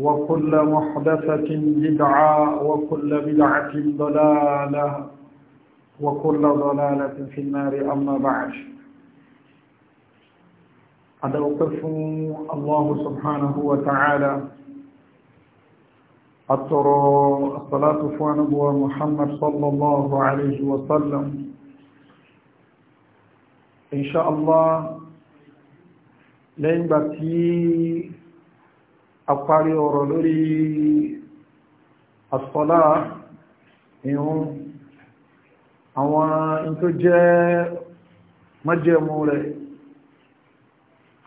وكل محدثة بدعة وكل بدعة ضلالة وكل ضلالة في النار أما بعد هذا وقف الله سبحانه وتعالى أترى الصلاة فوانبوى محمد صلى الله عليه وسلم إن شاء الله لين بتي àparí ọ̀rọ̀ lórí àsọ́lá ìhun àwọn tó jẹ́ májẹ̀mú rẹ̀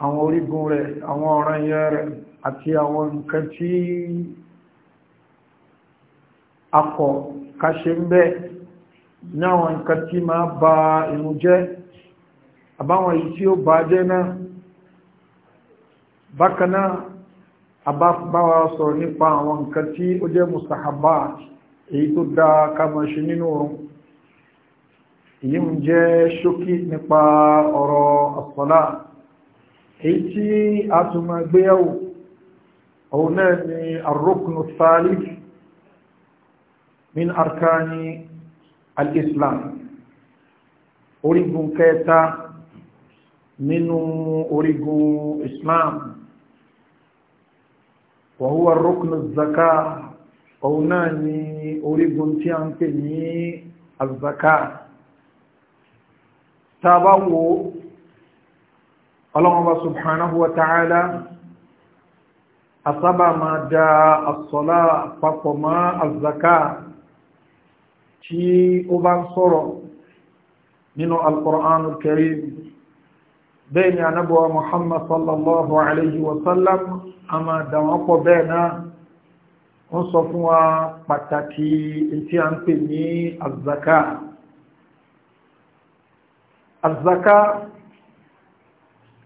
àwọn orígun rẹ̀ àwọn ọ̀ràn yẹ rẹ̀ àti àwọn nǹkan tí akọ̀ kaṣe ń bẹ́ ma ba ìhun jẹ́ àbáwọn èyí tí ó bá jẹ́ náà abábáwa sọ̀rọ̀ nípa àwọn nǹkan tí ó jẹ́ mustahabat èyí tó dá kamọ̀ṣe nínú oorun èyí ń jẹ́ ṣókí nípa ọ̀rọ̀ àsọ̀lá èyí tí a tún máa gbéyàwó òun náà ni arruknu thalith min arkani al-islam orígun kẹta nínú orígun islam wàhúwà rọ́kùnù zaka òun náà ni orígun tí a ń pè ní azaka tá a bá wo ọlọ́mọba subhanahu wa ta'ala asaba máa da asọ́lá papọ̀ mọ́ azaka tí ó bá ń sọ̀rọ̀ nínú alkùránù karim بين ni anábọ̀wà muhammad sallallahu alayhi wa sallam a máa dà wọ́n pọ̀ bẹ́ẹ̀ náà wọ́n sọ fún wa pàtàkì tí a ń pè ní azaka azaka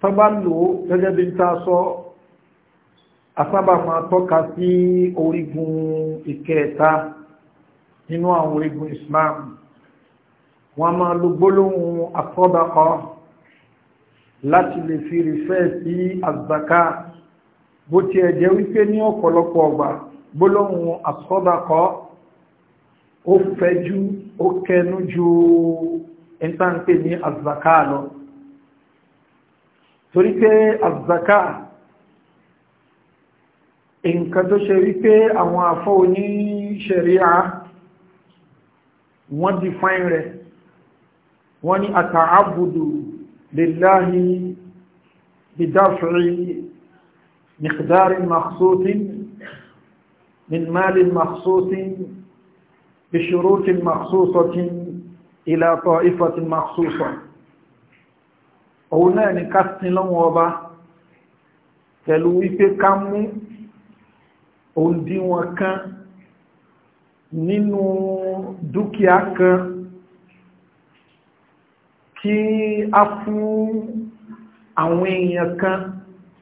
tọ́bá lò gẹ́gẹ́ bí ta sọ asábà tọ́ka sí orígun ìkẹta nínú àwọn orígun islam wọ́n máa lo gbólóhùn asọ́dakọ́ láti lè fi rìfẹ́ sí àzàká bó ti ẹ̀jẹ́ wípé ní ọ̀pọ̀lọpọ̀ ọgbà gbólóhùn àsọ́dàkọ́ ó fẹ́jú ó kẹnu ju ìtànpé ní àzàká lọ torí pé àzàká nǹkan tó ṣe wípé àwọn àfọ́ oní ṣẹ̀ríà wọ́n define rẹ̀ wọ́n ní àtàábùdù لله بدفع مقدار مخصوص من مال مخصوص بشروط مخصوصة إلى طائفة مخصوصة هنا نكسن لنوبة تلوي في كم òǹdíwọ̀n kan nínú dúkìá kan kí a fún àwọn èèyàn kan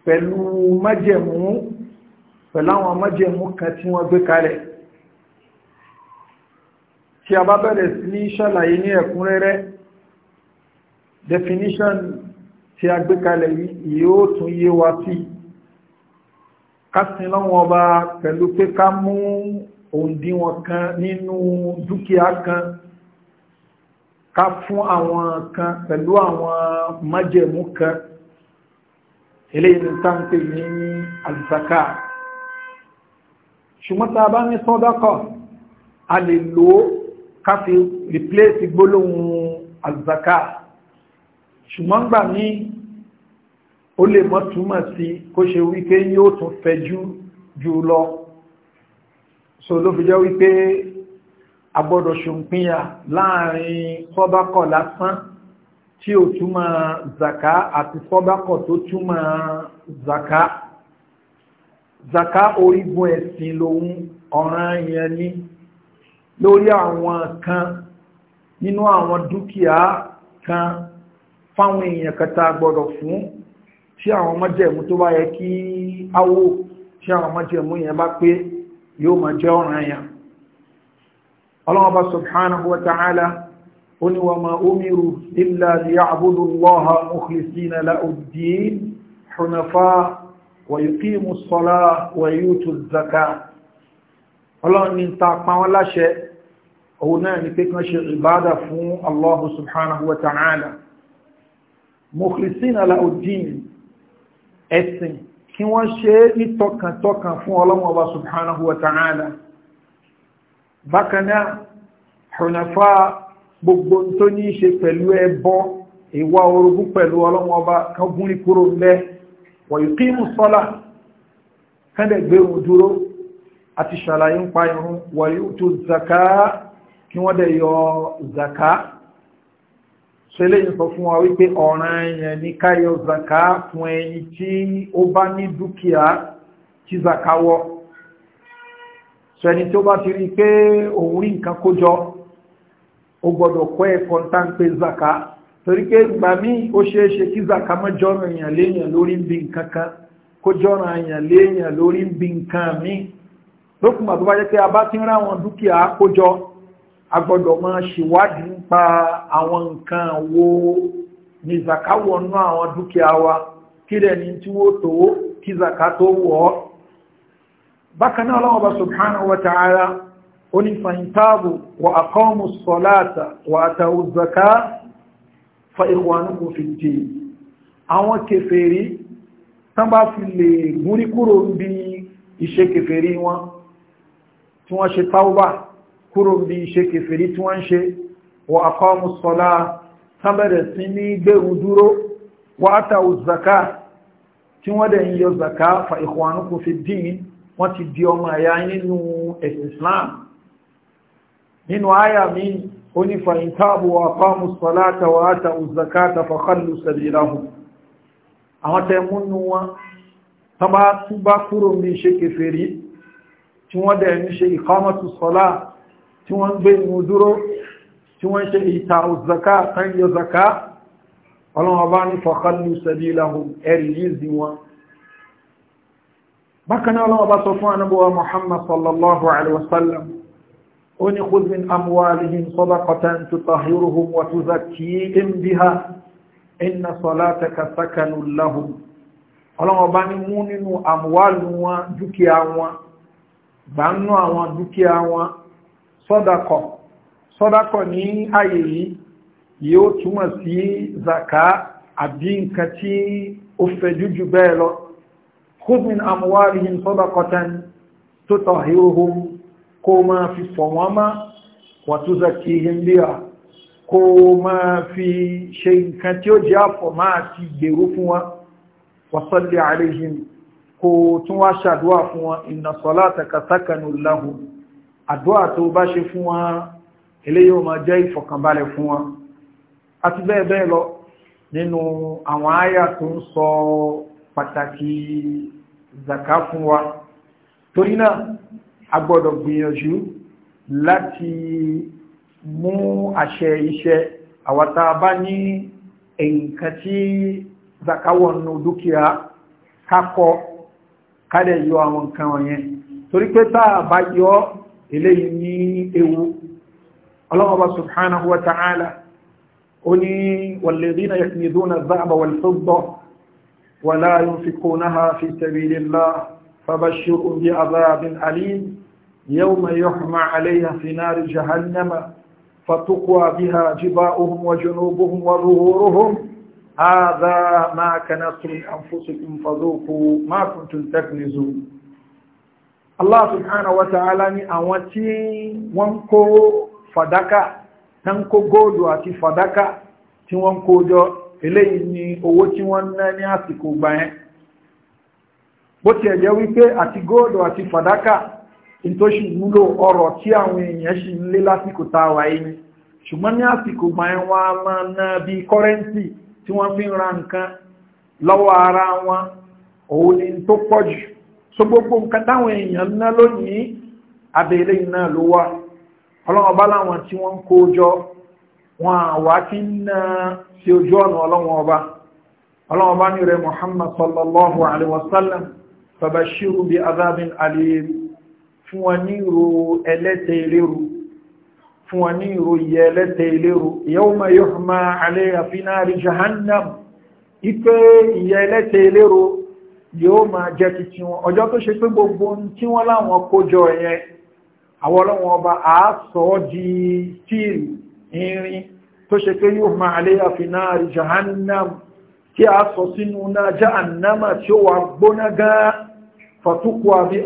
pẹ̀lú májẹ̀mú pẹ̀lú àwọn májẹ̀mú kan tí wọ́n gbé kalẹ̀ tí a bá bẹ̀rẹ̀ sí ní ṣàlàyé ní ẹ̀kúnrẹ́rẹ́ definition tí a gbé kalẹ̀ yóò tún yé wa sí kásìn lọ́wọ́ ọba pẹ̀lú pé ká mú òǹdíwọ̀n kan nínú dúkìá kan ká fún àwọn kan pẹ̀lú àwọn májẹ̀mú kan eléyìí ní táǹpẹ̀ ní àlùsáká ṣùgbọ́n tá a bá ní sọ́dọ́kọ̀ a lè lò ó ká fi replace gbólóhùn àlùsáká ṣùgbọ́n gbà ní ó lè mọ́ túmọ̀ sí kó ṣe wípé yóò tún fẹjú jù lọ so ló fi jẹ́ wípé agbọ́dọ̀ ṣùnpínyà láàrin sọ́bákọ̀ lásán tí ó túmọ̀ zaka àti sọ́bákọ̀ tó túmọ̀ zaka zaka orígun ẹ̀sìn lòun ọ̀ràn yẹn ní lórí àwọn kan nínú àwọn dúkìá kan fáwọn èèyàn kẹta gbọ́dọ̀ fún tí àwọn mọ́jẹ̀mú tó bá yẹ kí áwò tí àwọn mọ́jẹ̀mú yẹn bá pé yóò máa jẹ́ ọ̀ràn yẹn ọlọ́ọ̀bá subhanahu wa ta'ala ó ní wa ma umiru illa liya'budu allaha mukhlisina la'uddin hunafa wa yuqimu as-salata wa yutu az-zakah ọlọ́run ní ta pa wọ́n láṣẹ òun náà ni pé kán ṣe ìbádà fún allahu subhanahu wa ta'ala mukhlisina la'uddin ẹ̀sìn kí wọ́n ṣe nítọkàntọkàn fún ọlọ́run subhanahu wa ta'ala bákanáà hunafa gbogbo tó ní ṣe pẹ̀lú ẹbọ ìwà orogún pẹ̀lú ọlọ́mọba kan gún ikúrò lẹ́ wọ̀ ìkímù sọ́lá kẹ́ndẹ̀ gbé òun dúró àti ṣàlàyé ń pa irun wọ̀ yóò zaka kí wọ́n dẹ̀ yọ zaka ṣẹlẹ̀ yìí sọ fún wa wípé ọ̀ràn ẹ̀yẹn ní káyọ zaka fún ẹni tí ó bá ní dúkìá tí zaka wọ́ so ẹni ó bá ti rí pé òun rí nǹkan kó jọ ó gbọ́dọ̀ kọ́ ẹ̀kọ́ tá ń pè zaka torí pé gbà mí ó é ṣe kí zaka èèyàn léèyàn lórí ń bi nǹkan kan kó èèyàn léèyàn lórí ń bi nǹkan mi bá jẹ́ pé a bá ti dúkìá kó jọ a ni zaka wọnú àwọn dúkìá wa kí tí bákan náà Ọlọ́hun Ọba subhanahu wa ta'ala ó ní fàyíntáàbù wa aqamu as-salata wa atawu az-zakata fa ikhwanukum fi ddin àwọn kèfèrí tán bá fi lè gúrí kúrò bí iṣẹ́ kèfèrí wọn tí wọ́n ṣe tawba kúrò bí iṣẹ́ kèfèrí tí wọ́n ṣe wa aqamu as tán bẹ̀rẹ̀ sí ní wọ́n ti di ọmọ ẹ̀yà nínú ẹ̀sìn Islam nínú àyà mi ó ní fàyíntàbù àpáàmù sọ́látà wà áta òzàkátà fàkàlù sàbìláhùn àwọn tẹ múnú wọn tọba túbá kúrò ní ṣe kèfèrí tí wọ́n dẹ̀ ní ṣe ìkámọ́tù sọ́lá tí wọ́n gbé inú dúró tí wọ́n ṣe ìta òzàká tán yọ zàká ọlọ́wọ́ bá ní fàkàlù sàbìláhùn ẹ̀rì yìí wọn bákaná ọlọ́wọ́ bá sọ fún anábọ́wà muhammad sallallahu alaihi wasallam ó ní kúzin amwalihim sọ́bàkọta tutahiruhum wa tuzakkihim biha inna salataka sakanun lahum ọlọ́wọ́ bá ní mú nínú amwalu wọn dúkìá wọn gbánú àwọn dúkìá wọn sọ́dakọ̀ sọ́dakọ̀ ní ayé yìí yóò túmọ̀ sí zaka àbí nǹkan tí ó fẹ́ jújù bẹ́ẹ̀ lọ khudh min amwalihim sadaqatan tutahhiruhum kó máa fi fọ̀ wọ́n má wa tuzakkihim biha kó máa fi ṣe nǹkan tí ó jẹ́ àfọ̀ máa ti gbèrú fún wọn wa salli alayhim kó tún wá ṣàdúwà fún wọn inna salataka sakanun lahum àdúwà tó bá ṣe fún wọn eléyìí ó máa jẹ́ ìfọ̀kànbalẹ̀ fún wọn àti bẹ́ẹ̀ bẹ́ẹ̀ lọ nínú àwọn àyà tó ń sọ pàtàkì zaka fún wa torí náà a gbọ́dọ̀ gbìyànjú láti mú àṣẹ iṣẹ́ àwàta bá ní nǹkan tí zakawọnù dúkìá kákọ kádẹ̀ yọ àwọn nǹkan wọ̀nyẹn torí pé táà bá yọ eléyìí ní ewu ọlọ́mọba subhanahu wa ta'ala ó ní walladhina yaknizuna adh-dhahaba wal-fidda ولا ينفقونها في سبيل الله فبشرهم بعذاب أليم يوم يحمى عليها في نار جهنم فتقوى بها جباؤهم وجنوبهم وظهورهم هذا ما كنتم لأنفسكم فذوقوا ما كنتم تكنزون Allah subhanahu wa ta'ala ni àwọn tí wọ́n kó fàdákà, tán kó góòlù àti eléyìí ni owó tí wọ́n ná ní àsìkò gbà yẹn bó ti ẹ̀jẹ́ wípé àti góòdù àti fàdákà in tó ṣì múlò ọrọ̀ tí àwọn èèyàn ṣì ń lé lásìkò táwà yìí ṣùgbọ́n ní àsìkò gbà a máa ná bí kọ́rẹ́ǹsì tí wọ́n fi ń ra nǹkan lọ́wọ́ ara wọn òun ni tó pọ̀ jù so gbogbo nǹkan táwọn èèyàn ná lónìí abẹ́lé náà ló wà ọlọ́run ọba láwọn tí wọ́n wọn àwá kí ń ṣe ojú ọ̀nà ọlọ́wọ́n ọba ọlọ́wọ́n bá ní rẹ̀ muhammad sallallahu alaihi wasallam fàbàṣírù bí azabin alim fún wọn ní ìrò ẹlẹ́tẹ̀ ìlérò fún wọn ní ìrò yẹ ẹlẹ́tẹ̀ ìlérò yawma yuhma alayha fi nari jahannam ipe ìyẹ ẹlẹ́tẹ̀ ìlérò yóò máa jẹ́ titi wọn ọjọ́ tó ṣe pé gbogbo tí wọ́n láwọn kójọ ẹ̀yẹn àwọn ọlọ́wọ́n ọba di tíìlì irin tó ṣe pé yóò máa fi rí jahannam tí a sọ sínú náà jahannama tí ó wà gbóná gan fàtúkù àbí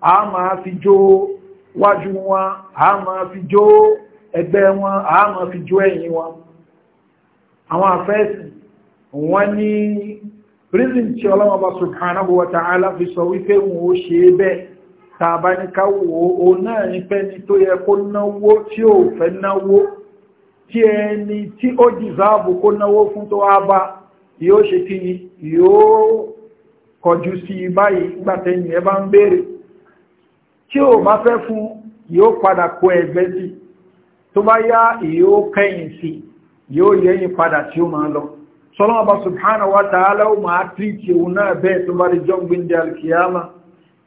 a máa fi jó wájú wọn a máa fi jó ẹgbẹ́ wọn a máa fi jó ẹ̀yìn wọn àwọn àfẹ́sì wọ́n ní prison tí ọlọ́wọ́ bá subhanahu wa fi wípé wọn ó ṣe bẹ́ẹ̀ tàbá ní káwò o náà ní pẹ́ni tó yẹ kó náwó tí ó fẹ́ náwó tí ẹni tí ó dìzáàbù kó náwó fún tó wá bá yóò ṣe kí yóò kọjú sí báyìí gbàtẹ́ni ẹ bá ń béèrè tí ó bá fẹ́ fún yóò padà kó ẹgbẹ́ sí tó bá yá yóò kẹ́yìn sí yóò yẹ́yìn padà tí ó máa lọ sọ́lọ́mọba subhanahu wa ta'ala ó máa tírìtì òun náà bẹ́ẹ̀ tó bá rí jọ́ngbìn di alkiyama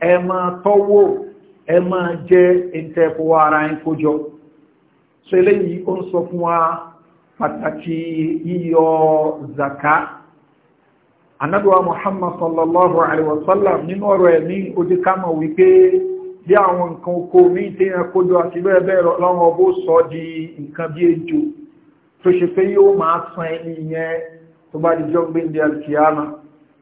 ẹ máa tọ́wọ́ ẹ máa jẹ́ ìtẹ́kọwà ara ń kójọ so eléyìí ó ń sọ fún wa pàtàkì yíyọ zaka anábíwá muhammad sallallahu alaihi wasallam nínú ọ̀rọ̀ ẹ̀ ní ojú kámọ̀ wípé bí àwọn nǹkan oko míì tí yẹn kójọ àti bẹ́ẹ̀ bẹ́ẹ̀ lọ́wọ́ bó sọ di nǹkan bí ejò tó ṣe pé yóò máa san ẹni yẹn tó bá di jọ́gbìn di alkiyama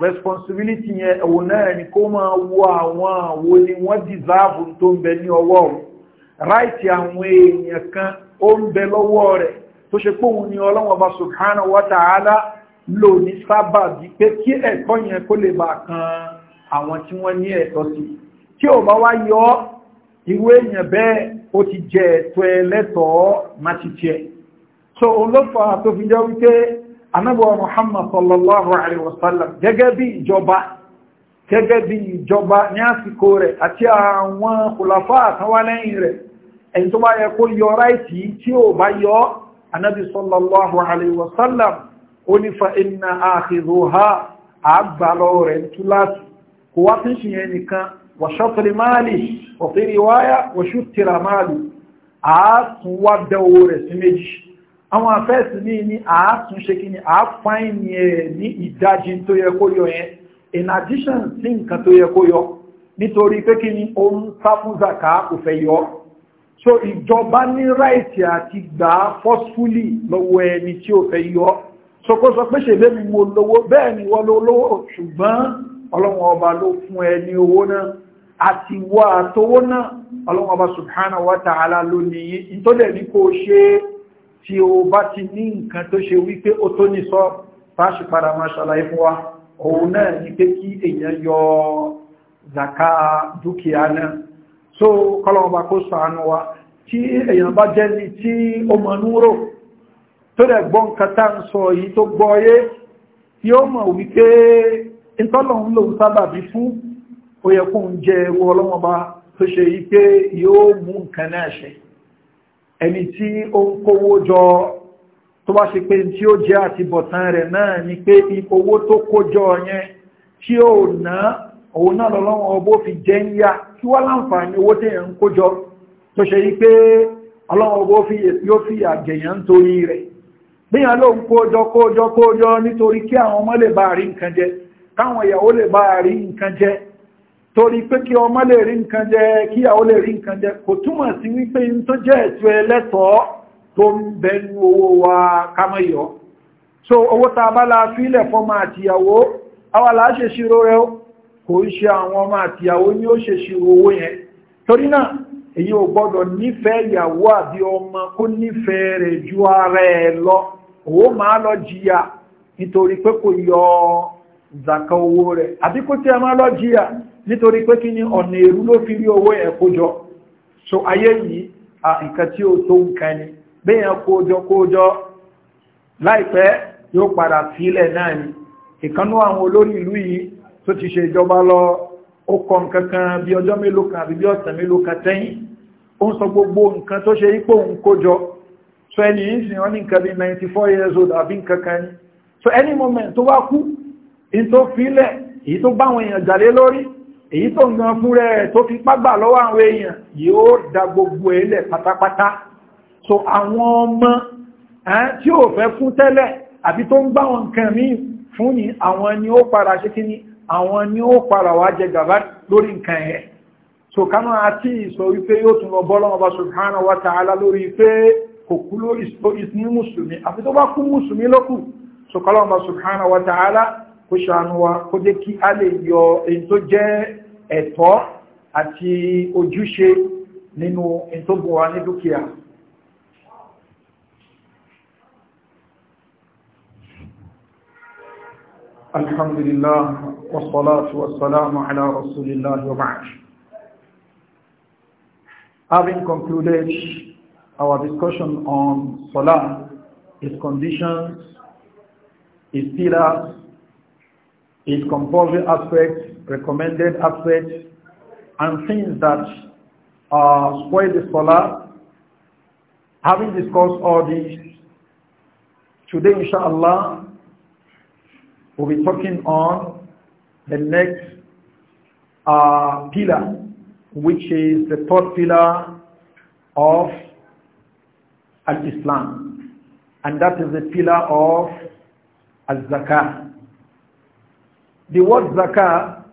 responsibility yẹn ẹ̀wò náà ni kó máa wo àwọn àwo ni wọ́n deserve tó ń bẹ ní ọwọ́ òun right àwọn èèyàn kan ó ń bẹ lọ́wọ́ rẹ̀ tó ṣe póhun ni ọlọ́wọ́n bá subhanahu wa ta'ala lò ní sábà bí pé kí ẹ̀kọ́ yẹn kó lè bá kan àwọn tí wọ́n ní ẹ̀tọ́ sí tí ò bá wá yọ ìwé èèyàn bẹ́ẹ̀ ó ti jẹ ẹ̀tọ́ ẹlẹ́tọ̀ọ́ má ti jẹ so òun ló fà tó fi jẹ́ wípé anábọ̀ muhammad sallallahu alaihi wasallam gẹ́gẹ́ bí ìjọba gẹ́gẹ́ bí ìjọba ní àsìkò rẹ̀ àti àwọn kùlàfà àtàwà lẹ́yìn rẹ̀ ẹni tó bá yẹ kó yọ ráìtì tí ó bá yọ anábì sallallahu alaihi wasallam ó ní fa iná àhìrò ha àgbàlọ rẹ̀ túláàtì kò wá fi ń ṣe yẹn nìkan wàṣọ́tìrì máàlì wàṣọ́tìrì wáyà wàṣọ́tìrà máàlì àátúnwá dẹ̀wò rẹ̀ sí méjì àwọn afẹ́ẹ̀sì ní ní àátúnṣe kí ni àáfáìní ẹ̀ ní ìdájí tó yẹ kó yọ yẹn in addition sí nǹkan tó yẹ kó yọ nítorí pé kí ni ó ń sá kò fẹ́ yọ so ìjọba ní ráìtì àti gbà á forcefully lọ́wọ́ ẹni tí ó fẹ́ yọ so kó sọ pé ṣèlé mi mo lówó bẹ́ẹ̀ ni wọ́n lówó ṣùgbọ́n ọlọ́run ọba ló fún ẹ ní owó náà àti wọ́ àtowó náà ọlọ́run ọba subhanahu wa ta'ala ló nìyí nítorí ẹni kó ṣe é tí ó bá ti ní nǹkan tó ṣe wípé ó tó ní sọ fáṣì padà máa ṣàlàyé fún wa òun náà ní pé kí èèyàn yọ zaka dúkìá náà so kọlọ̀ọ̀bá kó sàánú wa tí èèyàn bá jẹ́ ní tí ó mọ̀ ń rò tó dẹ̀ gbọ́ nǹkan tá ń sọ yìí tó gbọ́ yé tí ó mọ̀ wípé ìtọ́lọ̀hún lòun sábàbí fún ó yẹ kóun jẹ́ ewu ọlọ́mọba tó ṣe yìí pé yóò mú nǹkan náà ṣe ẹni tí ó ń kówó jọ tó bá ṣe pé tí ó jẹ́ àti bọ̀tán rẹ̀ náà ni pé owó tó kó jọ yẹn tí ó ná òun náà lọ́lọ́wọ́ ọbó fi jẹ́ ń yá kí wá láǹfààní owó tẹ́yẹ̀ ń kó jọ tó ṣe yí pé ọlọ́wọ́ ọbó fi torí pé kí ọmọ lè rí nǹkan jẹ kí àwọn lè rí nǹkan jẹ kò túmọ̀ sí wípé in tó jẹ́ ẹ̀tọ́ ẹlẹ́tọ̀ọ́ tó ń bẹnu owó wa kámọ́yọ́ so owó ta bá la fílẹ̀ fọ́mọ àtìyàwó àwọn aláṣẹ ṣírò rẹ kò ń ṣe àwọn ọmọ àtìyàwó ní ó ṣe ṣírò owó yẹn torí náà èyí ò gbọ́dọ̀ nífẹ̀ẹ́ ìyàwó àbí ọmọ kó nífẹ̀ẹ́ rẹ̀ ju ara ẹ̀ lọ òun máa lọ jìyà nítorí pé kò yọ zaka owó rẹ̀ àbí kó tí a máa lọ jíyà nítorí pé kí ni ọ̀nà èrú ló fi rí owó ẹ̀ kójọ so ayé yìí a nǹkan tí ó tó nǹkan ni béèyàn kójọ kójọ láìpẹ́ yóò padà sílẹ̀ náà ni ìkanú àwọn olórí ìlú yìí tó ti ṣe ìjọba lọ ó kọ nǹkan kan bí ọjọ́ mélòó kan àbí bí ọ̀sẹ̀ mélòó kan tẹ́yìn ó ń sọ gbogbo nǹkan tó ṣe ipò òun kójọ so ẹni yìí sì wọ́n ní nǹkan bí 94 years old àbí nǹkan kan ni so any moment tó wá kú in tó fílẹ̀ èyí tó bá àwọn èèyàn jàlé lórí èyí tó ń gan fún rẹ̀ tó fi págbà lọ́wọ́ àwọn èèyàn yóò da gbogbo ẹlẹ̀ pátápátá so àwọn ọmọ tí ò fẹ́ fún tẹ́lẹ̀ àbí tó ń gbá wọn nǹkan míì fún ni àwọn ni ó para ṣe kí ni àwọn ni ó para wá jẹ gàbá lórí nǹkan ẹ̀ so kánú àti ìsọ wípé yóò tún lọ bọ́lọ́wọ́ bá subhanahu wa ta'ala lórí pé kò kú lórí ìsinmi mùsùlùmí àfi tó bá kú mùsùlùmí so kọ́lọ́wọ́ bá subhanahu wa ta'ala kó ṣàánú wa kó jẹ́ kí a lè yọ èyí tó jẹ́ ẹ̀tọ́ àti ojúṣe nínú èyí tó bùn wa ní dúkìá الحمد لله والصلاة والسلام على رسول Having concluded our discussion on Salah, its conditions, its pillars, is compulsory aspects, recommended aspects, and things that uh, spoil the Having discussed all these, today inshallah we'll be talking on the next uh, pillar, which is the third pillar of Al-Islam. And that is the pillar of Al-Zakah. The word zakah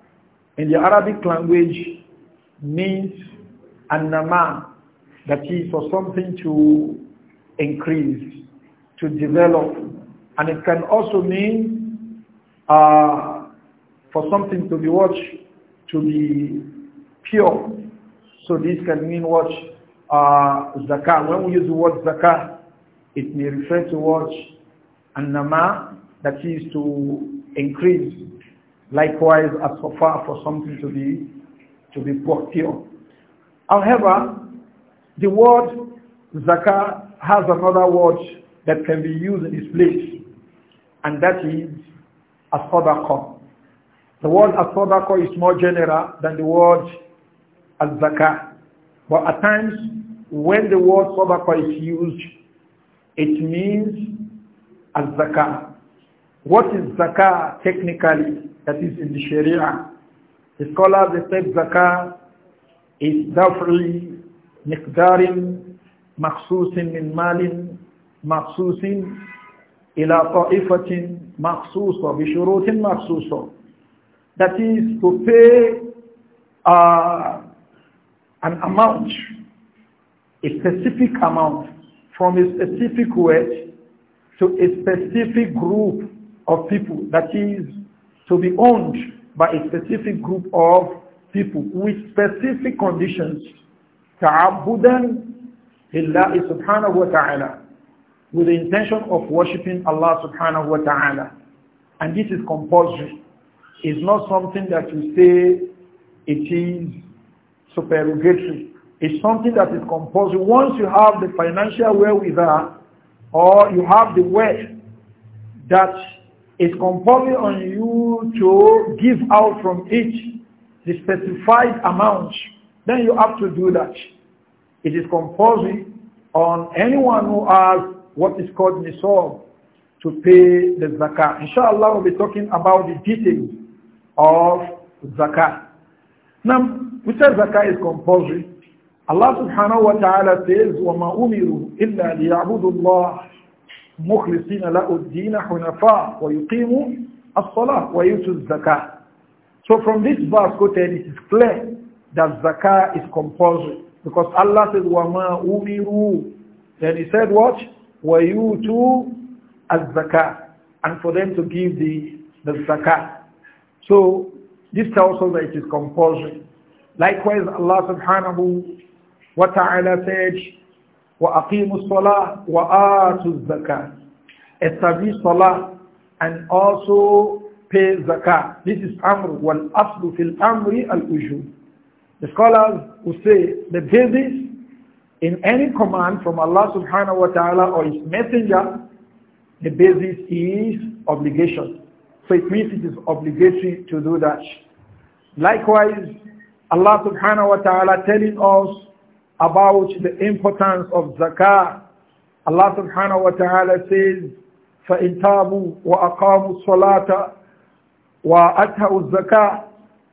in the Arabic language means an-nama, that that is for something to increase, to develop. And it can also mean uh, for something to be watched, to be pure. So this can mean what? Uh, zakah. When we use the word zakah, it may refer to what? that that is to increase. Likewise, as so far for something to be to be procured. However, the word zakah has another word that can be used in its place, and that is asodakah. The word asodakah is more general than the word zakah But at times, when the word sadaqah is used, it means What is zakah technically? that is in the Sharia. The scholars they say zakah is definitely miqdarin makhsusin min malin makhsusin ila ta'ifatin makhsusa bi shurutin makhsusa. That is to pay uh, an amount, a specific amount from a specific wage to a specific group of people. That is to be owned by a specific group of people with specific conditions. تعبدا لله wa ta'ala with the intention of worshipping Allah subhanahu wa ta'ala. And this is compulsory. It's not something that you say it is supererogatory. It's something that is compulsory. Once you have the financial wherewithal or you have the wealth that It's compulsory on you to give out from each the specified amount. Then you have to do that. It is compulsory on anyone who has what is called nisab to pay the zakah. Inshallah, we'll be talking about the details of zakah. Now, we said zakah is compulsory. Allah subhanahu wa ta'ala says, وَمَا أُمِرُوا إِلَّا لِيَعْبُدُوا اللَّهِ مخلصين له الدين حنفاء الصلاة ويؤتوا الزكاة So from this verse quoted, it is clear that zakah is compulsory because Allah said وَمَا أُمِرُوا Then he said what? as zakah and for them to give the, the zakah. So this tells us that it is compulsory. Likewise Allah subhanahu wa ta'ala said وَأَقِيمُوا الصَّلَاةِ وَآتُوا الزَّكَاةِ Establish salah and also pay zakah. This is amr wal aslu fil amri al ujub. The scholars who say the basis in any command from Allah subhanahu wa ta'ala or his messenger, the basis is obligation. So it means it is obligatory to do that. Likewise, Allah subhanahu wa ta'ala telling us about the importance of zakah. Allah subhanahu wa ta'ala says, فَإِن تَابُوا وَأَقَامُوا الصَّلَاةَ وَأَتَهُوا الزَّكَاةَ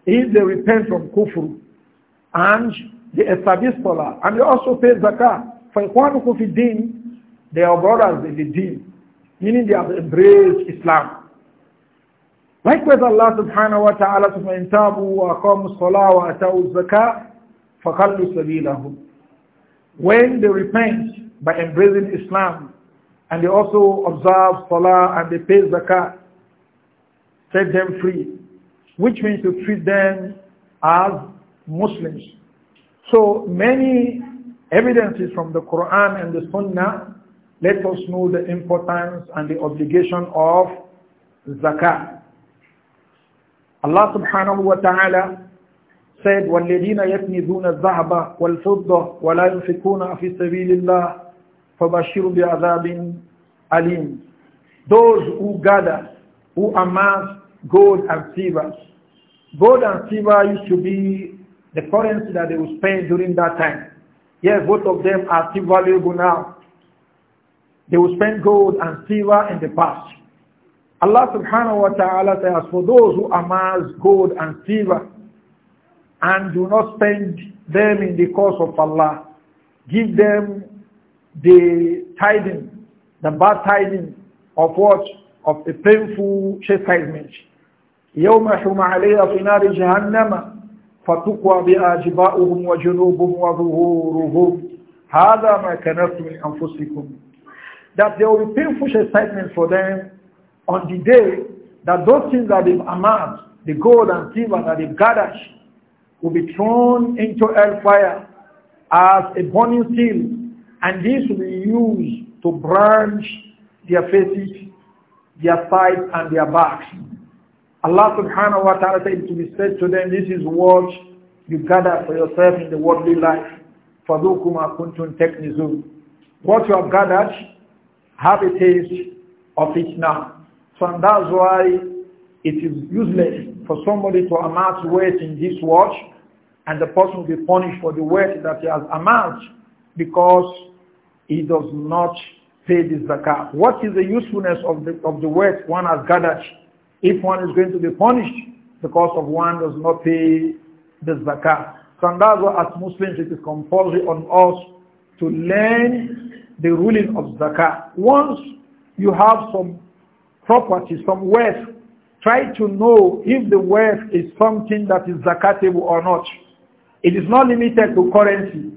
If they repent from kufr and they establish salah and they also pay zakah, فَإِخْوَانُكُمْ فِي الدِّينِ They are brothers in the deen, meaning they have embraced Islam. Likewise, Allah subhanahu wa ta'ala, says, فَإِن تَابُوا وَأَقَامُوا الصَّلَاةَ وَأَتَهُوا الزَّكَاةَ فَخَلُّوا سَبِيلَهُمْ when they repent by embracing Islam and they also observe Salah and they pay Zakat, set them free, which means to treat them as Muslims. So many evidences from the Quran and the Sunnah let us know the importance and the obligation of Zakat. Allah subhanahu wa ta'ala said, وَالَّذِينَ يَكْنِذُونَ الذَّهَبَ وَالْفُضَّةَ وَلَا يُنْفِقُونَ فِي سَبِيلِ اللَّهِ فَبَشِّرْ بِعَذَابٍ أَلِيمٍ Those who gather, who amass gold and silver. Gold and silver used to be the currency that they would spend during that time. Yes, both of them are still valuable now. They will spend gold and silver in the past. Allah subhanahu wa ta'ala says, for those who amass gold and silver, and do not spend them in the cause of Allah. Give them the tidings, the bad tidings of what? Of a painful chastisement. يوم حم عليها في نار جهنم فتقوى بأجباؤهم وجنوبهم وظهورهم هذا ما كنتم من أنفسكم that there will be painful chastisement for them on the day that those things that they've amassed, the gold and silver that they've gathered will be thrown into hellfire as a burning steel, and this will be used to branch their faces, their sides, and their backs. Allah subhanahu wa ta'ala said to be said to them, this is what you gather for yourself in the worldly life. What you have gathered, have a taste of it now. So and that's why it is useless for somebody to amass wealth in this watch and the person will be punished for the wealth that he has amassed because he does not pay the zakat. What is the usefulness of the, of the wealth one has gathered if one is going to be punished because of one does not pay the zakat? So as Muslims it is compulsory on us to learn the ruling of zakat. Once you have some property, some wealth try to know if the wealth is something that is zakatable or not. It is not limited to currency.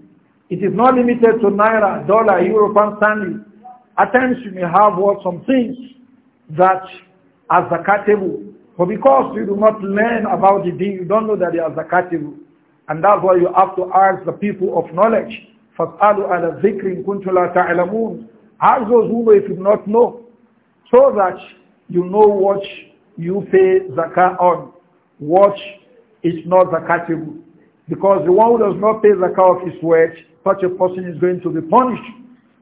It is not limited to naira, dollar, euro, pound sterling. At times you may have what some things that are zakatable. But because you do not learn about the deen, you don't know that they are zakatable. And that's why you have to ask the people of knowledge. فَاسْأَلُوا عَلَى الذِّكْرِ إِن لَا تَعْلَمُونَ Ask those who know if you do not know. So that you know what you pay zakah on. Watch is not zakatable. Because the one who does not pay zakah of his wealth, such a person is going to be punished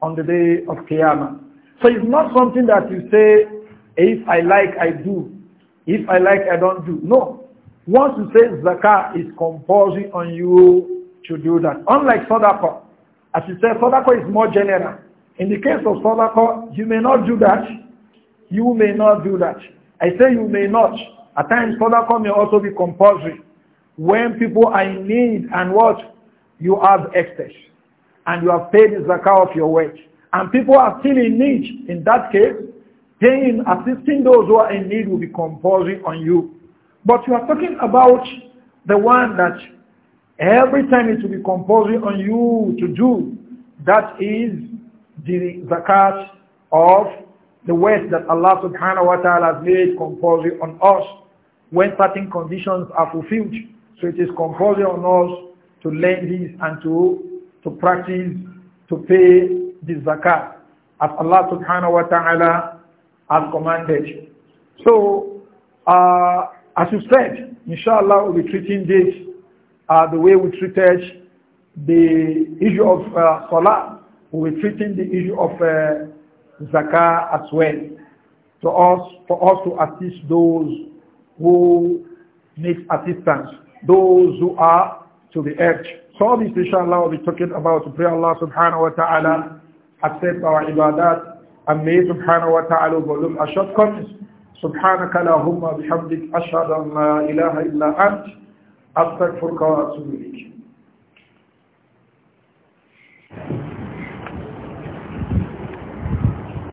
on the day of Qiyamah. So it's not something that you say, if I like, I do. If I like, I don't do. No. Once you say zakah is compulsory on you to do that. Unlike sadaqah. As you said, sadaqah is more general. In the case of sadaqah, you may not do that. You may not do that. I say you may not. At times, sadaqah may also be compulsory. When people are in need and what? You have excess. And you have paid the zakah of your wage. And people are still in need. In that case, paying, assisting those who are in need will be compulsory on you. But you are talking about the one that every time it will be compulsory on you to do. That is the zakat of the words that Allah subhanahu wa ta'ala has made compulsory on us when certain conditions are fulfilled. So it is compulsory on us to learn this and to, to practice, to pay this zakat as Allah subhanahu wa ta'ala has commanded. So, uh, as you said, inshallah we'll be treating this uh, the way we treated the issue of uh, salah. We'll be treating the issue of uh, zakah as well to us, for us to assist those who need assistance, those who are to the edge. So all this inshallah we'll be talking about to pray Allah subhanahu wa ta'ala accept our ibadat and may subhanahu wa ta'ala volume our shortcomings. سبحانك اللهم وبحمدك أشهد أن لا إله إلا أنت أستغفرك وأتوب إليك